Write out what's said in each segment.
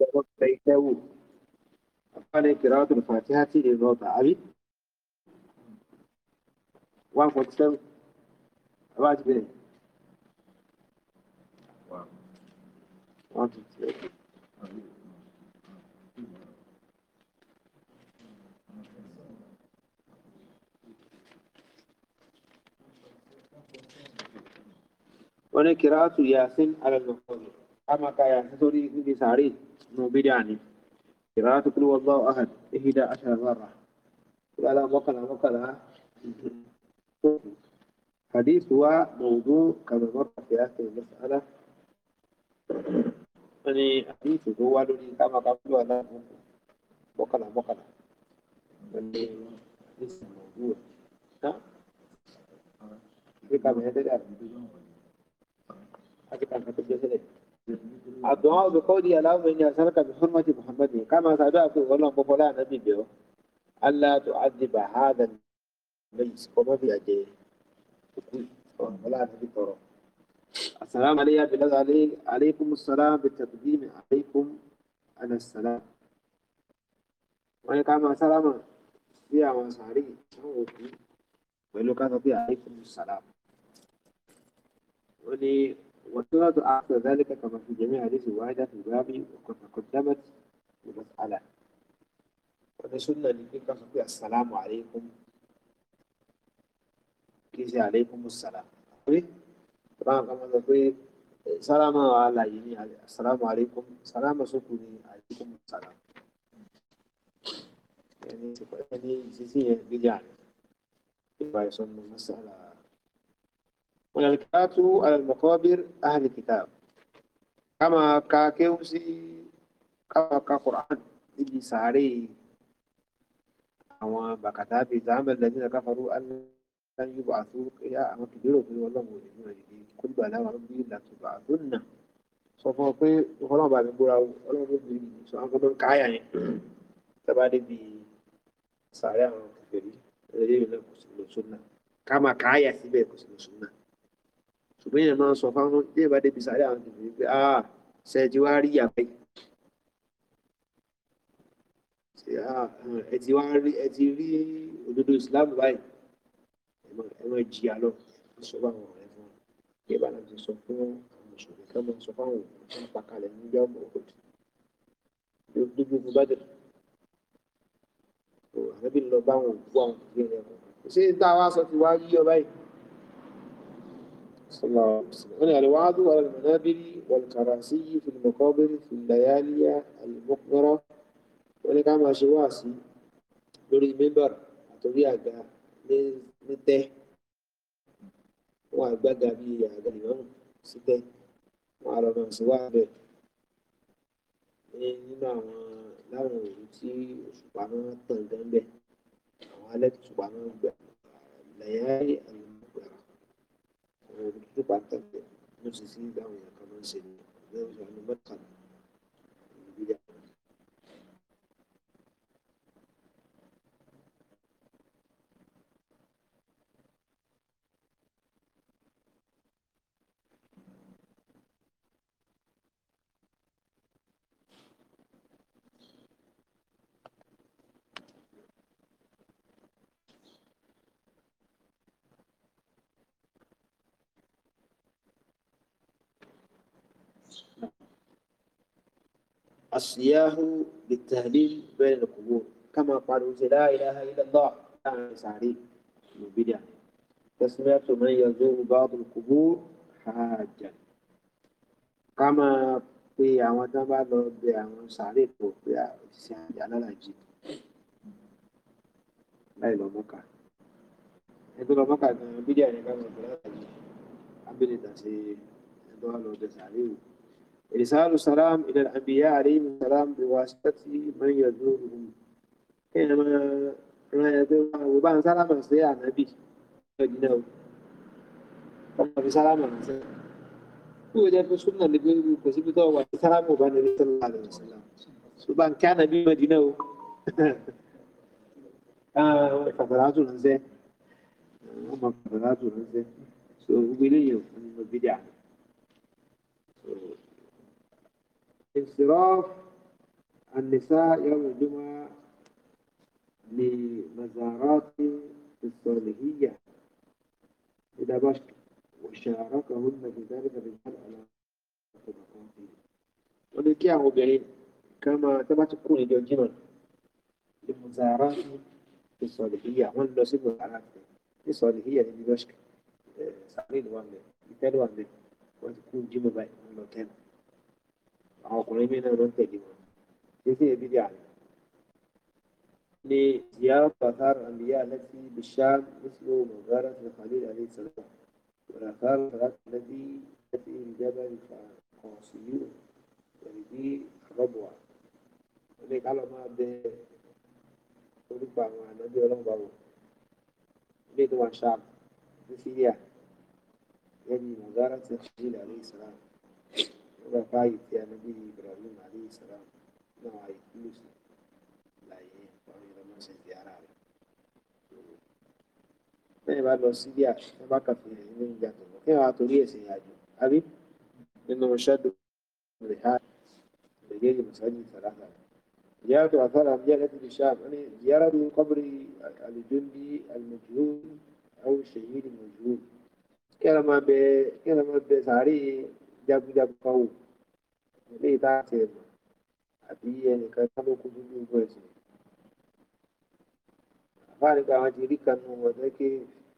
lọ́wọ́ bẹ iṣẹ́ wò àfáàní kìráàtù fàtíhà tí lè lọ tà àbí one forty seven àbá ti bẹ̀rẹ̀ one fifty eight. wọ́n ní kìráàtù yàsín alẹ́ lọ́kọ̀ọ́ àmàkà yàsín بدعني قراءة قل هو الله أحد إحدى عشر مرة قال مقلة مقلة حديث هو موضوع كما مر في آخر المسألة يعني حديث هو الذي كما قبل ولا مقلة مقلة يعني ليس موضوع ها؟ كيف كان هذا؟ Kita akan kerja sendiri. الدعاء بقولي اللهم من أسألك بحرمة محمد كما سأدعك والله بفلا نبي بيو ألا تعذب هذا المجلس وما في أجيه ولا نبي طرق السلام عليكم بلاد علي عليكم السلام بالتقديم عليكم على السلام وعليكم السلام يا وانصاري ولو كان في عليكم السلام ولي والصلاة عقب ذلك كما في جميع هذه واحدة في الباب وقد تقدمت المسألة ونسلنا لكي كفي السلام عليكم كيسي عليكم السلام طبعا كما تقول سلام على يمي السلام عليكم سلام سكوني عليكم السلام يعني يعني جزية بجانب يبقى يصنع مسألة والالقاء على المقابر اهل الكتاب كما كاكيوسي كما كقران اللي ساري àwọn bàkàtà bíi zahama lẹni náà káfàrú aláǹ yóò bá tó yá àwọn kìlérò pé ọlọ́run ò ní náà yìí kó nígbà láwọn ọlọ́run bíi làtúbà tó nà sọ fún ọ pé ọlọ́run bá mi búra o ọlọ́run ló bíi sọ àwọn kan tó ń káyà ṣùgbọ́n yẹn máa ń sọ fáwọn ní ìbá débi sáré àwọn ènìyàn pé a ah, ṣe ti wá rí ìyàpẹ́ ah, ẹ ti wá rí ẹ ti rí òdodo Islam báyìí ẹ máa jìyà lọ sọ fáwọn ọ̀rẹ́ fún wọn ní ìbá náà ti sọ fún àwọn mùsùlùmí ká máa sọ fáwọn òkú tó ń pàkalẹ̀ ní ìjà ọmọ òkú lójú ogun bá dẹ̀ àwọn ẹbí lọ bá àwọn òkú àwọn òkú rẹ̀ kọ́ ṣé táwa sọ ti wá yí ọ báyìí. صلى الله عليه وسلم هنا الوعد على المنابر والكراسي في المقابر في الليالي المقبرة ولك عما شواسي لوري المنبر أتوبي أجا نده وأبقى بي أجا الإمام سده وعلى ما سواده إنما لا نوتي سبحانه تنجم به وعلى سبحانه الليالي pa ń tẹ̀lé wọ́n ti sí ìgbà àwọn èèyàn kan máa ń ṣe الصياح بالتهليل بين القبور كما قالوا لا إله إلا الله لا عليه من بدع تسمية من يزور بعض القبور حاجا كما pé àwọn tán bá lọ bẹ àwọn sàárè kò pé òṣìṣẹ́ àjà lálàjì láì lọ mọ́kà ẹgbẹ́ lọ mọ́kà gan-an bídíà ní ká lọ bẹ lálàjì abẹ́lẹ̀ tàṣe ẹgbẹ́ wa lọ bẹ sàárè wò. إرسال السلام إلى الأنبياء عليهم السلام بواسطة من يزورهم حينما ما يدعوهم وبعد سلام سيئة النبي فجناه في سلام هو ده في سنة اللي بيقول كسبته سلام وبعد النبي صلى الله عليه وسلم سبحان كان بمدينه آه فترات الإنسان آه، هم فترات الإنسان سو بيليو من البدع انصراف النساء يوم الجمعة لمزارات الصالحية إلى بشر وشاركهن في ذلك الرجال على طبقاته ونكيع بعيد كما تبع تكون اليوم جمعة لمزارات الصالحية هون نصيب العلاقة الصالحية اللي بشر آه، سعيد وانه يتلوى وتكون جمعة بعيد 然后红卫兵那个人给你们，谢谢比利亚。ni ziyarat bakar anbiya alati bisham mislu mazarat al-khalil alayhi salam ali lakar alat alati alati al-jabal al-qasiyu wa lidi rabwa ini kalau ma abde turut bangun nanti orang bangwa ini itu masyarakat di Syria jadi mazarat al ali alayhi salam رفايت يا نبي إبراهيم عليه السلام نوعي كلوس لا يهين فهمي لما سيزيارة ní ìbá lọ sí bí àṣìṣe bá kàfin ẹ̀yìn ní ìjà tó lọ kí wàá torí ẹ̀sìn ìyàjò àbí nínú ṣẹ́dọ̀ rẹ̀ ha lẹ́gẹ́ ìlú sáájú ìsàlámà زيارة آثار أمجاد في الشام يعني زيارة قبر الجندي المجهول أو الشهيد المجهول كلمة ب كلمة بسعري jagun jagun wò ilé ìta àti ẹ̀bùn àbí ẹnìkan tó lókun tó ní ogun ẹ̀sìn àfáàní gba àwọn jìrì kan nù wọn lẹ́kẹ́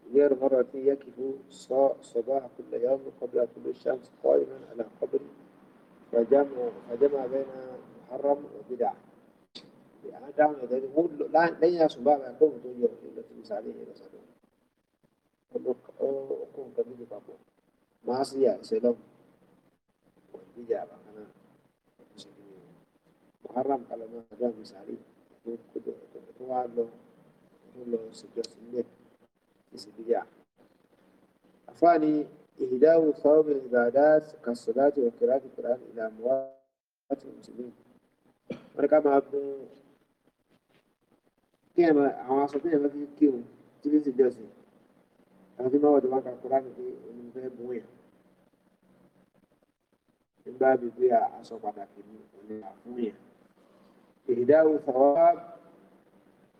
ilé ẹ̀rọ mọ́ra tí yẹ kìlú sọ sọ̀bá àkùnlẹ̀ yà ọmọ kọ́bí àkùnlẹ̀ sàm kọ́ ìmọ̀ àlà kọ́bí fàjámà bẹ́ẹ̀ na muharram ọ̀gbìdà àwọn dáhùn ẹ̀dẹ́ ni wọ́n lẹ́yìn àṣùbà àwọn àgbọ̀n tó yọ ìlọsibí sáré ìlọsàdọ̀ ọkùnrin kan méjì papọ̀ máa sí àṣẹ lọ́wọ́. níjà bàkan náà ṣe kí ni muharram kalẹ̀ náà ọjọ́ àmì sàárè tó kódò ẹ̀kọ́ tó wá lọ tó lọ ṣèjọsìn lẹ̀ ìṣe níjà. àfáàní ìhìdáwò Mereka ìbàdá kàṣọ́láàtì ọ̀kẹ́láàtì kùránì ìlànà wá láti jadi wọ́n ní ká máa gún kí ẹ̀ máa àwọn aṣọ tó nígbà bíi pé aṣọ pàtàkì ni òní àfún yẹn ìdáwó sàwáàbù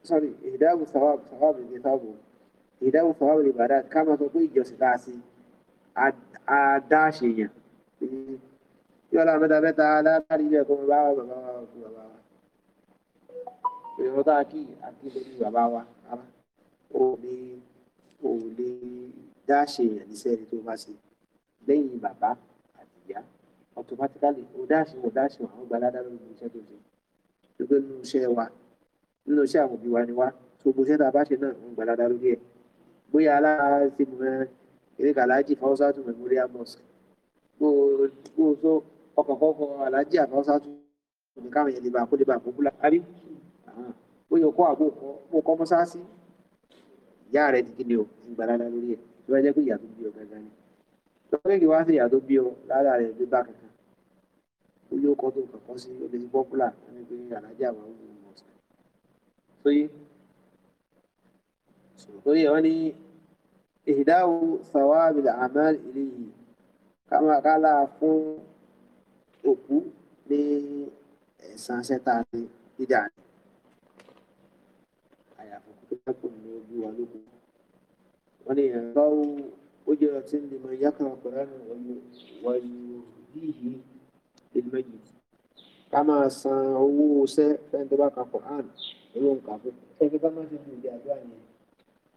sorry ìdáwó sàwáàbù sàwáàbù ní sàwáàbù ìdáwó sàwáàbù ní bàdá ká máa sọ pé ìjọsìn tá a sí àdáṣe yẹn kí ọlọ́run mẹ́ta mẹ́ta aláàbárí ilé ẹ̀kọ́ bàbá wa bàbá wa kú bàbá wa ìrọ̀ tá a kí àti bàbá wa ó lè ó lè dáṣe yẹn níṣẹ́ ẹni tó bá ṣe lẹ́yìn bàbá automatically o dáṣe o dáṣe àwọn gbalada lórí iṣẹ́ tó ṣe gbogbo nínú iṣẹ́ wa nínú iṣẹ́ àwọn òbí wa ni wá gbogbo iṣẹ́ tá a bá ṣe náà ń gbalada lórí ẹ̀ bóyá alára ti mọ erika alhaji fawusatu memorial mosque bó o so ọkọ̀kọ́kọ́ alhaji afawusatu ní káwọn yẹn lè bá kó lè bá popular àbí bóyá o kọ́ àbó o kọ́ mọ́sáàsì ìyá rẹ̀ ti kíni o ń gbalada lórí ẹ̀ tó bá pé ìyá tó bí ọ gangan ni lọ́wọ́ wá sí ìyá tó bí ọ lára rẹ̀ ló bá kankan ó yóò kọ́ tó nǹkan kan sí ó lè fi pọ́pùlà ẹni pé alájà wà ó lè mọ̀ sí. sóyè sóyè wọn ní ìdáwó sàwábì àmàl ìléyìí kámákálá fún òkú ní ẹ̀sán sẹ́ta ní dídà ní àyàfọ̀ kó tó kù ní ojú wa lóko wọn ní ẹ̀rọ ó jẹ́ ọtí ní mọ̀ yákàrà kọ̀ọ̀rọ̀ wọ̀nyí yìí. الميت ká máa san owó ṣẹ́ fẹ́ni tó bá ka Quran olóhùn kà fún kẹ́kẹ́ ká máa ṣe fún ìdí àdúrà yẹn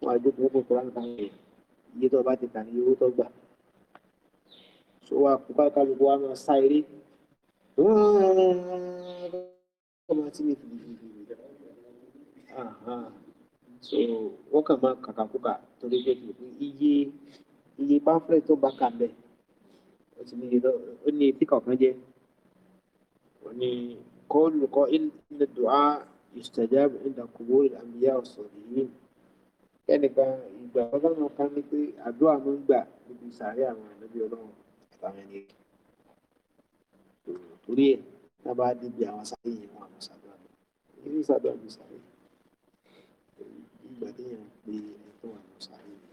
wọn àjókòó fún Quran kan yẹn iye tó bá ti tà so wọ́n kàn máa kàkàkùkà torí pé iye iye pamphlet tó bá kà bẹ́ẹ̀ ó ti ní iye ó ní etí kọ̀ọ̀kan jẹ́. يعني قول القائل إن الدعاء يستجاب عند قبور الأنبياء والصالحين يعني كان يبقى فضل كان الدعاء من بقى من سارع مع النبي الله تعالى torí ẹ tábà débi àwọn sáré yẹn wọn àwọn sàdúrà lọ ìrírí sàdúrà ló